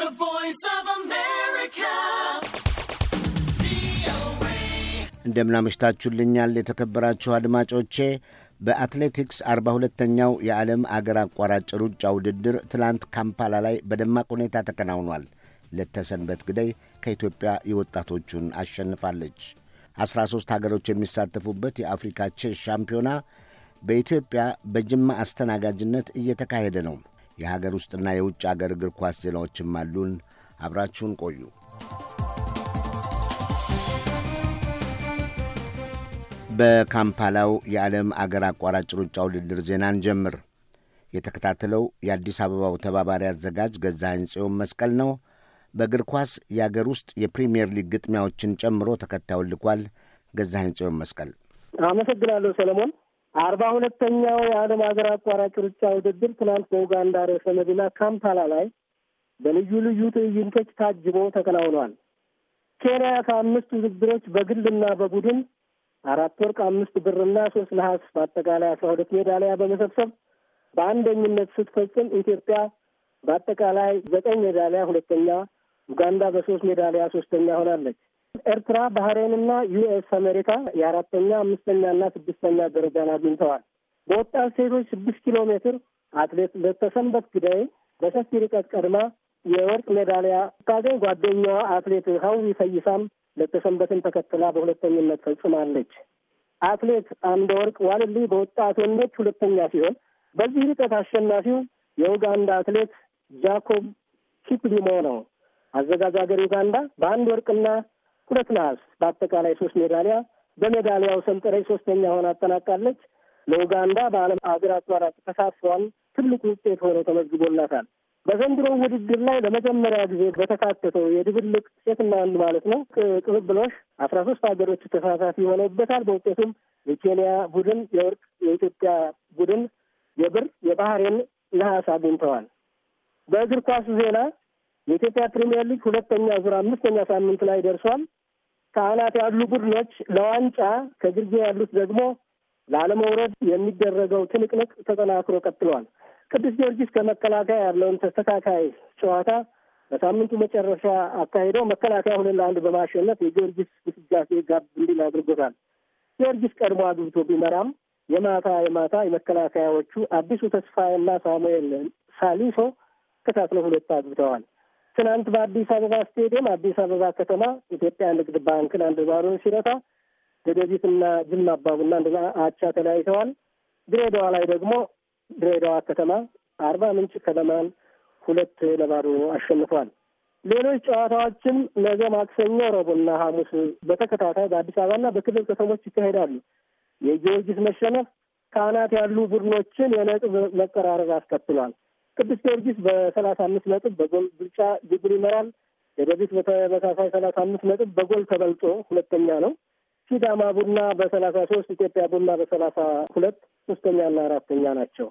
The Voice of America. እንደምናመሽታችሁልኛል የተከበራችሁ አድማጮቼ። በአትሌቲክስ አርባ ሁለተኛው የዓለም አገር አቋራጭ ሩጫ ውድድር ትላንት ካምፓላ ላይ በደማቅ ሁኔታ ተከናውኗል። ለተሰንበት ግደይ ከኢትዮጵያ የወጣቶቹን አሸንፋለች። አስራ ሦስት ሀገሮች የሚሳተፉበት የአፍሪካ ቼስ ሻምፒዮና በኢትዮጵያ በጅማ አስተናጋጅነት እየተካሄደ ነው። የሀገር ውስጥና የውጭ አገር እግር ኳስ ዜናዎችም አሉን። አብራችሁን ቆዩ። በካምፓላው የዓለም አገር አቋራጭ ሩጫ ውድድር ዜናን ጀምር። የተከታተለው የአዲስ አበባው ተባባሪ አዘጋጅ ገዛኸኝ ጽዮን መስቀል ነው። በእግር ኳስ የአገር ውስጥ የፕሪምየር ሊግ ግጥሚያዎችን ጨምሮ ተከታዩን ልኳል። ገዛኸኝ ጽዮን መስቀል አመሰግናለሁ ሰለሞን። አርባ ሁለተኛው የዓለም ሀገር አቋራጭ ሩጫ ውድድር ትናንት በኡጋንዳ ርዕሰ መዲና ካምፓላ ላይ በልዩ ልዩ ትዕይንቶች ታጅቦ ተከናውኗል። ኬንያ ከአምስት ውድድሮች በግልና በቡድን አራት ወርቅ፣ አምስት ብርና ሶስት ነሐስ በአጠቃላይ አስራ ሁለት ሜዳሊያ በመሰብሰብ በአንደኝነት ስትፈጽም ኢትዮጵያ በአጠቃላይ ዘጠኝ ሜዳሊያ ሁለተኛ፣ ኡጋንዳ በሶስት ሜዳሊያ ሶስተኛ ሆናለች። ኤርትራ፣ ባህሬንና ዩኤስ አሜሪካ የአራተኛ አምስተኛና ስድስተኛ ደረጃን አግኝተዋል። በወጣት ሴቶች ስድስት ኪሎ ሜትር አትሌት ለተሰንበት ግዳይ በሰፊ ርቀት ቀድማ የወርቅ ሜዳሊያ ስታገኝ ጓደኛዋ አትሌት ሀዊ ፈይሳም ለተሰንበትን ተከትላ በሁለተኝነት ፈጽማለች። አትሌት አምደ ወርቅ ዋልልይ በወጣት ወንዶች ሁለተኛ ሲሆን በዚህ ርቀት አሸናፊው የኡጋንዳ አትሌት ጃኮብ ኪፕሊሞ ነው። አዘጋጅ ሀገር ዩጋንዳ በአንድ ወርቅና ሁለት ነሐስ፣ በአጠቃላይ ሶስት ሜዳሊያ በሜዳሊያው ሰንጠረዥ ሶስተኛ ሆና አጠናቃለች። ለኡጋንዳ በዓለም አገር አቋራጭ ተሳትፏን ትልቅ ውጤት ሆኖ ተመዝግቦላታል። በዘንድሮ ውድድር ላይ ለመጀመሪያ ጊዜ በተካተተው የድብልቅ ሴትና ወንድ ማለት ነው ቅብብሎሽ አስራ ሶስት ሀገሮች ተሳታፊ ሆነውበታል። በውጤቱም የኬንያ ቡድን የወርቅ፣ የኢትዮጵያ ቡድን የብር፣ የባህሬን ነሐስ አግኝተዋል። በእግር ኳሱ ዜና የኢትዮጵያ ፕሪሚየር ሊግ ሁለተኛ ዙር አምስተኛ ሳምንት ላይ ደርሷል። ካህናት ያሉ ቡድኖች ለዋንጫ ከግርጌ ያሉት ደግሞ ላለመውረድ የሚደረገው ትንቅንቅ ተጠናክሮ ቀጥሏል። ቅዱስ ጊዮርጊስ ከመከላከያ ያለውን ተስተካካይ ጨዋታ በሳምንቱ መጨረሻ አካሂደው መከላከያ ሁለት ለአንድ በማሸነፍ የጊዮርጊስ ግስጋሴ ጋብ እንዲል አድርጎታል። ጊዮርጊስ ቀድሞ አግብቶ ቢመራም የማታ የማታ የመከላከያዎቹ አዲሱ ተስፋ ሳሙኤል ሳሊሶ ተከታትለው ሁለት አግብተዋል። ትናንት በአዲስ አበባ ስቴዲየም አዲስ አበባ ከተማ ኢትዮጵያ ንግድ ባንክን አንድ ባዶ ሲረታ ደደቢትና ጅማ አባቡና አንድ አቻ ተለያይተዋል። ድሬዳዋ ላይ ደግሞ ድሬዳዋ ከተማ አርባ ምንጭ ከተማን ሁለት ለባዶ አሸንፏል። ሌሎች ጨዋታዎችም ነገ ማክሰኞ፣ ረቡዕና ሐሙስ በተከታታይ በአዲስ አበባና በክልል ከተሞች ይካሄዳሉ። የጊዮርጊስ መሸነፍ ከአናት ያሉ ቡድኖችን የነጥብ መቀራረብ አስከትሏል። ቅዱስ ጊዮርጊስ በሰላሳ አምስት ነጥብ በጎል ብልጫ ግብር ይመራል። ደደቢት በተመሳሳይ ሰላሳ አምስት ነጥብ በጎል ተበልጦ ሁለተኛ ነው። ሲዳማ ቡና በሰላሳ ሶስት ኢትዮጵያ ቡና በሰላሳ ሁለት ሶስተኛና አራተኛ ናቸው።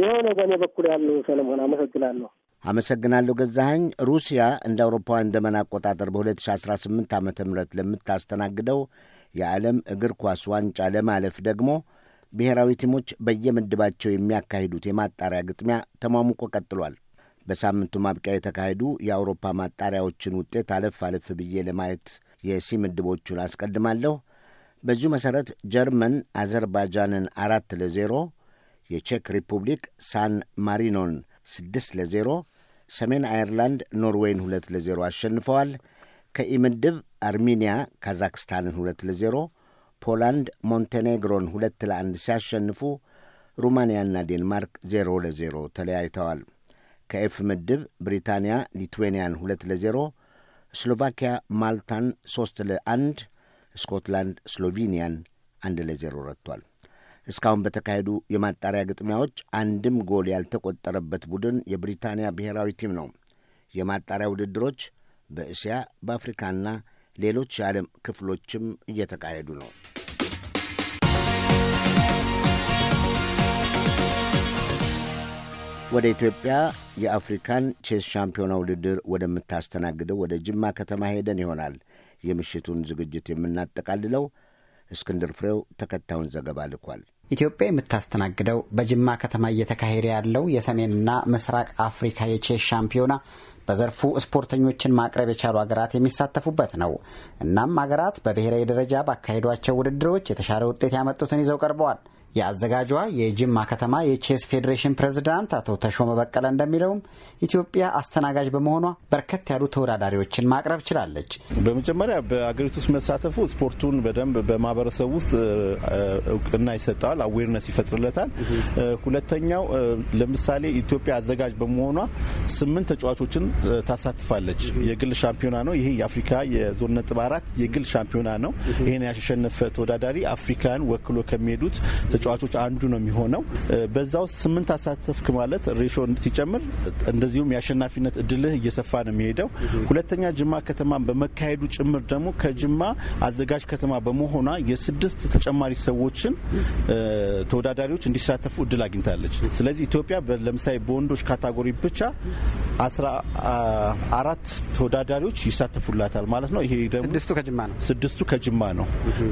ይኸው ነው በእኔ በኩል ያለው። ሰለሞን አመሰግናለሁ። አመሰግናለሁ ገዛኸኝ። ሩሲያ እንደ አውሮፓውያን ዘመን አቆጣጠር በሁለት ሺ አስራ ስምንት ዓ ም ለምታስተናግደው የዓለም እግር ኳስ ዋንጫ ለማለፍ ደግሞ ብሔራዊ ቲሞች በየምድባቸው የሚያካሂዱት የማጣሪያ ግጥሚያ ተሟሙቆ ቀጥሏል። በሳምንቱ ማብቂያ የተካሄዱ የአውሮፓ ማጣሪያዎችን ውጤት አለፍ አለፍ ብዬ ለማየት የሲ ምድቦቹን አስቀድማለሁ። በዚሁ መሠረት ጀርመን አዘርባጃንን አራት ለዜሮ፣ የቼክ ሪፑብሊክ ሳን ማሪኖን ስድስት ለዜሮ፣ ሰሜን አየርላንድ ኖርዌይን ሁለት ለዜሮ አሸንፈዋል። ከኢ ምድብ አርሜንያ ካዛክስታንን ሁለት ለዜሮ ፖላንድ ሞንቴኔግሮን ሁለት ለአንድ ሲያሸንፉ ሩማንያና ዴንማርክ ዜሮ ለዜሮ ተለያይተዋል። ከኤፍ ምድብ ብሪታንያ ሊትዌንያን ሁለት ለዜሮ፣ ስሎቫኪያ ማልታን ሦስት ለአንድ፣ ስኮትላንድ ስሎቬኒያን አንድ ለዜሮ ረትቷል። እስካሁን በተካሄዱ የማጣሪያ ግጥሚያዎች አንድም ጎል ያልተቆጠረበት ቡድን የብሪታንያ ብሔራዊ ቲም ነው። የማጣሪያ ውድድሮች በእስያ በአፍሪካና ሌሎች የዓለም ክፍሎችም እየተካሄዱ ነው። ወደ ኢትዮጵያ የአፍሪካን ቼስ ሻምፒዮና ውድድር ወደምታስተናግደው ወደ ጅማ ከተማ ሄደን ይሆናል የምሽቱን ዝግጅት የምናጠቃልለው። እስክንድር ፍሬው ተከታዩን ዘገባ ልኳል። ኢትዮጵያ የምታስተናግደው በጅማ ከተማ እየተካሄደ ያለው የሰሜንና ምስራቅ አፍሪካ የቼስ ሻምፒዮና በዘርፉ ስፖርተኞችን ማቅረብ የቻሉ ሀገራት የሚሳተፉበት ነው። እናም ሀገራት በብሔራዊ ደረጃ ባካሄዷቸው ውድድሮች የተሻለ ውጤት ያመጡትን ይዘው ቀርበዋል። የአዘጋጇ የጅማ ከተማ የቼስ ፌዴሬሽን ፕሬዝዳንት አቶ ተሾመ በቀለ እንደሚለውም ኢትዮጵያ አስተናጋጅ በመሆኗ በርከት ያሉ ተወዳዳሪዎችን ማቅረብ ችላለች። በመጀመሪያ በአገሪቱ ውስጥ መሳተፉ ስፖርቱን በደንብ በማህበረሰብ ውስጥ እውቅና ይሰጠዋል፣ አዌርነስ ይፈጥርለታል። ሁለተኛው ለምሳሌ ኢትዮጵያ አዘጋጅ በመሆኗ ስምንት ተጫዋቾችን ታሳትፋለች። የግል ሻምፒዮና ነው ይሄ የአፍሪካ የዞን ነጥብ አራት የግል ሻምፒዮና ነው። ይህን ያሸነፈ ተወዳዳሪ አፍሪካን ወክሎ ከሚሄዱት ተጫዋቾች አንዱ ነው የሚሆነው። በዛ ውስጥ ስምንት አሳተፍክ ማለት ሬሾ ሲጨምር፣ እንደዚሁም የአሸናፊነት እድልህ እየሰፋ ነው የሚሄደው። ሁለተኛ ጅማ ከተማ በመካሄዱ ጭምር ደግሞ ከጅማ አዘጋጅ ከተማ በመሆኗ የስድስት ተጨማሪ ሰዎችን ተወዳዳሪዎች እንዲሳተፉ እድል አግኝታለች። ስለዚህ ኢትዮጵያ ለምሳሌ በወንዶች ካታጎሪ ብቻ አራት ተወዳዳሪዎች ይሳተፉላታል ማለት ነው። ይሄ ደግሞ ስድስቱ ከጅማ ነው ስድስቱ ከጅማ ነው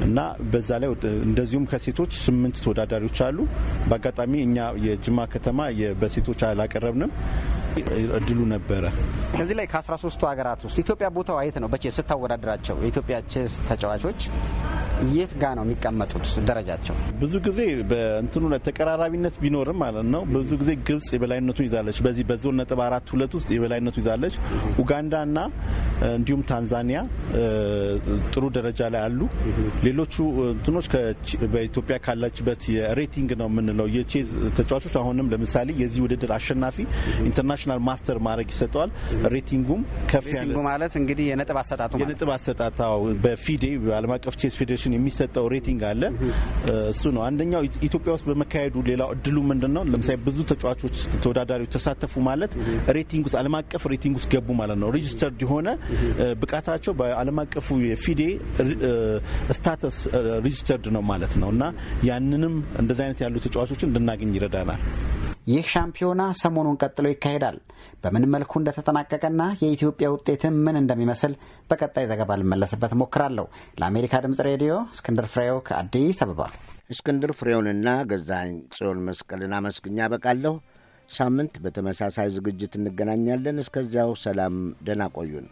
እና በዛ ላይ እንደዚሁም ከሴቶች ስምንት ተወዳዳሪዎች አሉ። በአጋጣሚ እኛ የጅማ ከተማ በሴቶች አላቀረብንም እድሉ ነበረ። ከዚህ ላይ ከ13ቱ ሀገራት ውስጥ ኢትዮጵያ ቦታው አየት ነው? በቼ ስታወዳደራቸው የኢትዮጵያ ቼስ ተጫዋቾች የት ጋ ነው የሚቀመጡት ደረጃቸው? ብዙ ጊዜ በእንትኑ ተቀራራቢነት ቢኖርም ማለት ነው። ብዙ ጊዜ ግብጽ የበላይነቱን ይዛለች። በዚህ በዞን ነጥብ አራት ሁለት ውስጥ የበላይነቱ ይዛለች። ኡጋንዳና እንዲሁም ታንዛኒያ ጥሩ ደረጃ ላይ አሉ። ሌሎቹ እንትኖች በኢትዮጵያ ካለችበት የሬቲንግ ነው የምንለው የቼዝ ተጫዋቾች አሁንም ለምሳሌ የዚህ ውድድር አሸናፊ ኢንተርናሽናል ማስተር ማድረግ ይሰጠዋል። ሬቲንጉም ከፍ ያለ ማለት እንግዲህ የነጥብ አሰጣጡ የነጥብ አሰጣጣው በፊዴ በዓለም አቀፍ ቼዝ ፌዴሬሽን ቴሌቪዥን የሚሰጠው ሬቲንግ አለ። እሱ ነው አንደኛው። ኢትዮጵያ ውስጥ በመካሄዱ ሌላው እድሉ ምንድን ነው? ለምሳሌ ብዙ ተጫዋቾች፣ ተወዳዳሪዎች ተሳተፉ ማለት ሬቲንግ ውስጥ ዓለም አቀፍ ሬቲንግ ውስጥ ገቡ ማለት ነው። ሬጅስተርድ የሆነ ብቃታቸው በዓለም አቀፉ የፊዴ ስታተስ ሬጅስተርድ ነው ማለት ነው እና ያንንም እንደዚህ አይነት ያሉ ተጫዋቾችን እንድናገኝ ይረዳናል። ይህ ሻምፒዮና ሰሞኑን ቀጥሎ ይካሄዳል። በምን መልኩ እንደተጠናቀቀና የኢትዮጵያ ውጤትም ምን እንደሚመስል በቀጣይ ዘገባ ልመለስበት ሞክራለሁ። ለአሜሪካ ድምጽ ሬዲዮ እስክንድር ፍሬው ከአዲስ አበባ። እስክንድር ፍሬውንና ገዛኝ ጽዮን መስቀልን አመስግኛ በቃለሁ። ሳምንት በተመሳሳይ ዝግጅት እንገናኛለን። እስከዚያው ሰላም፣ ደህና ቆዩን።